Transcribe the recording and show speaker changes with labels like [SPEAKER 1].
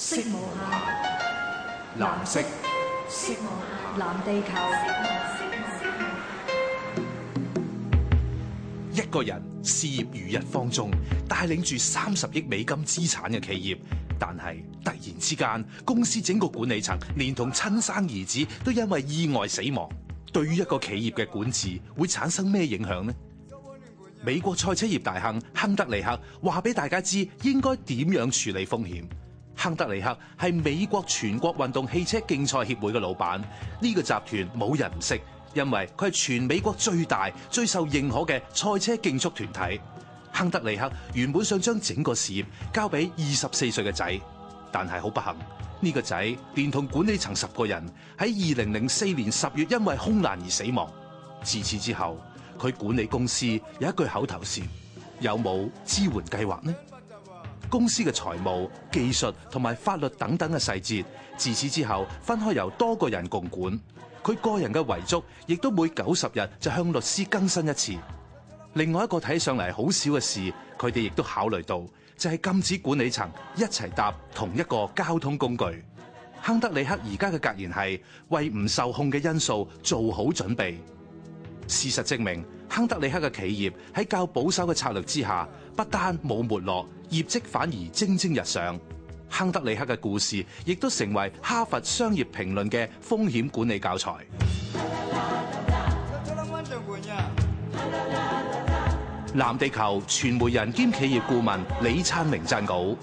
[SPEAKER 1] 色無下藍色，色無暇，藍地球。地球一個人事業如日方中，帶領住三十億美金資產嘅企業，但係突然之間，公司整個管理層連同親生兒子都因為意外死亡。對於一個企業嘅管治會產生咩影響呢？美國賽車業大亨亨德尼克話俾大家知，應該點樣處理風險。亨德里克係美國全國運動汽車競賽協會嘅老闆，呢個集團冇人唔識，因為佢係全美國最大、最受認可嘅賽車競速團體。亨德里克原本想將整個事業交俾二十四歲嘅仔，但係好不幸，呢個仔連同管理層十個人喺二零零四年十月因為空難而死亡。自此之後，佢管理公司有一句口頭禪：有冇支援計劃呢？公司嘅財務、技術同埋法律等等嘅細節，自此之後分開由多個人共管。佢個人嘅遺囑亦都每九十日就向律師更新一次。另外一個睇上嚟好少嘅事，佢哋亦都考慮到，就係、是、禁止管理層一齊搭同一個交通工具。亨德里克而家嘅格言係為唔受控嘅因素做好準備。事實證明。亨德里克嘅企業喺較保守嘅策略之下，不單冇沒落，業績反而蒸蒸日上。亨德里克嘅故事亦都成為哈佛商業評論嘅風險管理教材。藍、啊、地球傳媒人兼企業顧問李燦榮撰稿。